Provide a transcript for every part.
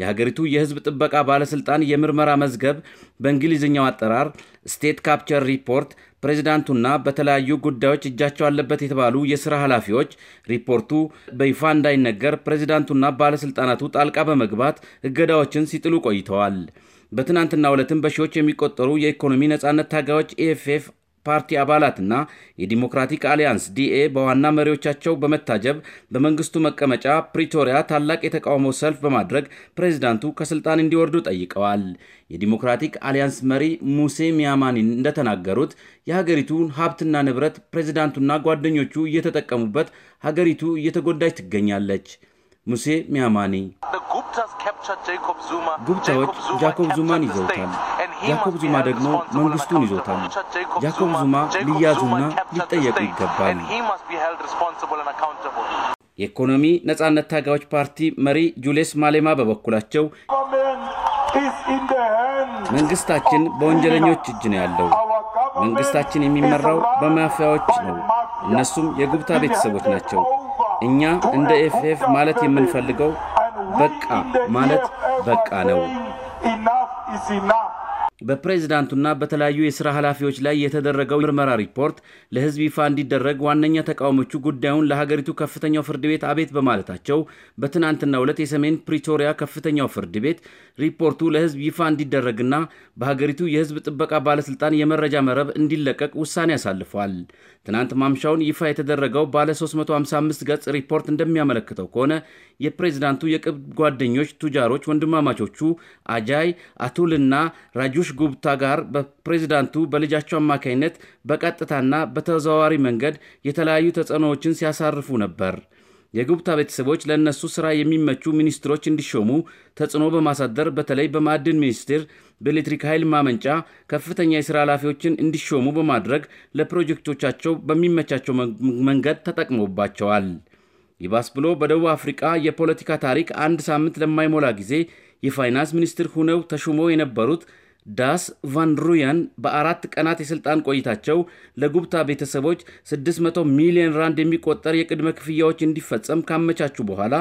የሀገሪቱ የህዝብ ጥበቃ ባለስልጣን የምርመራ መዝገብ በእንግሊዝኛው አጠራር ስቴት ካፕቸር ሪፖርት ፕሬዚዳንቱና በተለያዩ ጉዳዮች እጃቸው አለበት የተባሉ የስራ ኃላፊዎች ሪፖርቱ በይፋ እንዳይነገር ፕሬዚዳንቱና ባለስልጣናቱ ጣልቃ በመግባት እገዳዎችን ሲጥሉ ቆይተዋል። በትናንትና ዕለትም በሺዎች የሚቆጠሩ የኢኮኖሚ ነጻነት ታጋዮች ኤኤፍኤፍ ፓርቲ አባላትና የዲሞክራቲክ አሊያንስ ዲኤ በዋና መሪዎቻቸው በመታጀብ በመንግስቱ መቀመጫ ፕሪቶሪያ ታላቅ የተቃውሞ ሰልፍ በማድረግ ፕሬዚዳንቱ ከስልጣን እንዲወርዱ ጠይቀዋል። የዲሞክራቲክ አሊያንስ መሪ ሙሴ ሚያማኒን እንደተናገሩት የሀገሪቱን ሀብትና ንብረት ፕሬዚዳንቱና ጓደኞቹ እየተጠቀሙበት ሀገሪቱ እየተጎዳች ትገኛለች። ሙሴ ሚያማኒ ጉብታዎች ጃኮብ ዙማን ይዘውታል። ያኮብ ዙማ ደግሞ መንግስቱን ይዞታል። ያኮብ ዙማ ሊያዙና ሊጠየቁ ይገባል። የኢኮኖሚ ነጻነት ታጋዮች ፓርቲ መሪ ጁሌስ ማሌማ በበኩላቸው መንግስታችን በወንጀለኞች እጅ ነው ያለው። መንግስታችን የሚመራው በማፊያዎች ነው። እነሱም የጉብታ ቤተሰቦች ናቸው። እኛ እንደ ኤፍኤፍ ማለት የምንፈልገው በቃ ማለት በቃ ነው። በፕሬዝዳንቱና በተለያዩ የሥራ ኃላፊዎች ላይ የተደረገው ምርመራ ሪፖርት ለሕዝብ ይፋ እንዲደረግ ዋነኛ ተቃውሞቹ ጉዳዩን ለሀገሪቱ ከፍተኛው ፍርድ ቤት አቤት በማለታቸው በትናንትናው ዕለት የሰሜን ፕሪቶሪያ ከፍተኛው ፍርድ ቤት ሪፖርቱ ለሕዝብ ይፋ እንዲደረግና በሀገሪቱ የሕዝብ ጥበቃ ባለሥልጣን የመረጃ መረብ እንዲለቀቅ ውሳኔ አሳልፏል። ትናንት ማምሻውን ይፋ የተደረገው ባለ 355 ገጽ ሪፖርት እንደሚያመለክተው ከሆነ የፕሬዝዳንቱ የቅርብ ጓደኞች ቱጃሮች ወንድማማቾቹ አጃይ አቱልና ራጁሽ ጉብታ ጋር በፕሬዚዳንቱ በልጃቸው አማካኝነት በቀጥታና በተዘዋዋሪ መንገድ የተለያዩ ተጽዕኖዎችን ሲያሳርፉ ነበር። የጉብታ ቤተሰቦች ለእነሱ ሥራ የሚመቹ ሚኒስትሮች እንዲሾሙ ተጽዕኖ በማሳደር በተለይ በማዕድን ሚኒስቴር፣ በኤሌክትሪክ ኃይል ማመንጫ ከፍተኛ የሥራ ኃላፊዎችን እንዲሾሙ በማድረግ ለፕሮጀክቶቻቸው በሚመቻቸው መንገድ ተጠቅሞባቸዋል። ይባስ ብሎ በደቡብ አፍሪቃ የፖለቲካ ታሪክ አንድ ሳምንት ለማይሞላ ጊዜ የፋይናንስ ሚኒስትር ሆነው ተሹመው የነበሩት ዳስ ቫን ሩያን በአራት ቀናት የሥልጣን ቆይታቸው ለጉብታ ቤተሰቦች 600 ሚሊዮን ራንድ የሚቆጠር የቅድመ ክፍያዎች እንዲፈጸም ካመቻቹ በኋላ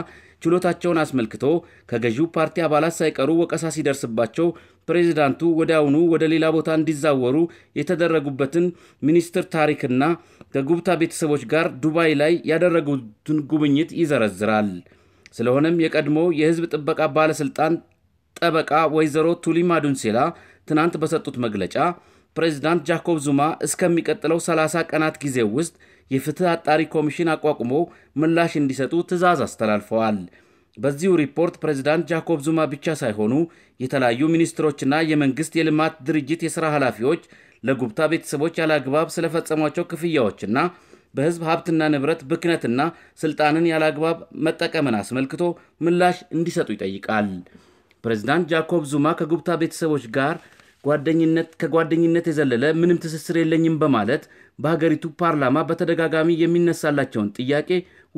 ችሎታቸውን አስመልክቶ ከገዢው ፓርቲ አባላት ሳይቀሩ ወቀሳ ሲደርስባቸው ፕሬዚዳንቱ ወዲያውኑ ወደ ሌላ ቦታ እንዲዛወሩ የተደረጉበትን ሚኒስትር ታሪክና ከጉብታ ቤተሰቦች ጋር ዱባይ ላይ ያደረጉትን ጉብኝት ይዘረዝራል። ስለሆነም የቀድሞ የሕዝብ ጥበቃ ባለሥልጣን ጠበቃ ወይዘሮ ቱሊ ማዱንሴላ ትናንት በሰጡት መግለጫ ፕሬዚዳንት ጃኮብ ዙማ እስከሚቀጥለው 30 ቀናት ጊዜ ውስጥ የፍትህ አጣሪ ኮሚሽን አቋቁሞ ምላሽ እንዲሰጡ ትዕዛዝ አስተላልፈዋል። በዚሁ ሪፖርት ፕሬዚዳንት ጃኮብ ዙማ ብቻ ሳይሆኑ የተለያዩ ሚኒስትሮችና የመንግሥት የልማት ድርጅት የሥራ ኃላፊዎች ለጉብታ ቤተሰቦች ያለአግባብ ስለፈጸሟቸው ክፍያዎችና በሕዝብ ሀብትና ንብረት ብክነትና ሥልጣንን ያለአግባብ መጠቀምን አስመልክቶ ምላሽ እንዲሰጡ ይጠይቃል። ፕሬዚዳንት ጃኮብ ዙማ ከጉብታ ቤተሰቦች ጋር ጓደኝነት ከጓደኝነት የዘለለ ምንም ትስስር የለኝም በማለት በሀገሪቱ ፓርላማ በተደጋጋሚ የሚነሳላቸውን ጥያቄ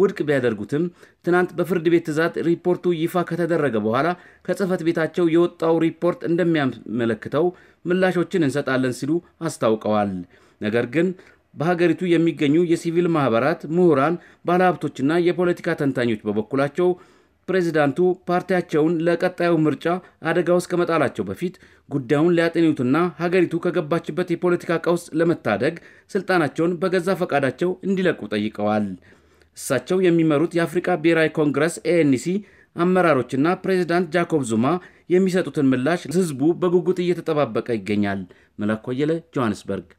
ውድቅ ቢያደርጉትም ትናንት በፍርድ ቤት ትዕዛዝ ሪፖርቱ ይፋ ከተደረገ በኋላ ከጽህፈት ቤታቸው የወጣው ሪፖርት እንደሚያመለክተው ምላሾችን እንሰጣለን ሲሉ አስታውቀዋል። ነገር ግን በሀገሪቱ የሚገኙ የሲቪል ማኅበራት፣ ምሁራን፣ ባለሀብቶችና የፖለቲካ ተንታኞች በበኩላቸው ፕሬዚዳንቱ ፓርቲያቸውን ለቀጣዩ ምርጫ አደጋ ውስጥ ከመጣላቸው በፊት ጉዳዩን ሊያጤኑትና ሀገሪቱ ከገባችበት የፖለቲካ ቀውስ ለመታደግ ስልጣናቸውን በገዛ ፈቃዳቸው እንዲለቁ ጠይቀዋል። እሳቸው የሚመሩት የአፍሪካ ብሔራዊ ኮንግረስ ኤኤንሲ አመራሮችና ፕሬዚዳንት ጃኮብ ዙማ የሚሰጡትን ምላሽ ህዝቡ በጉጉት እየተጠባበቀ ይገኛል። መላኩ ጆሃንስበርግ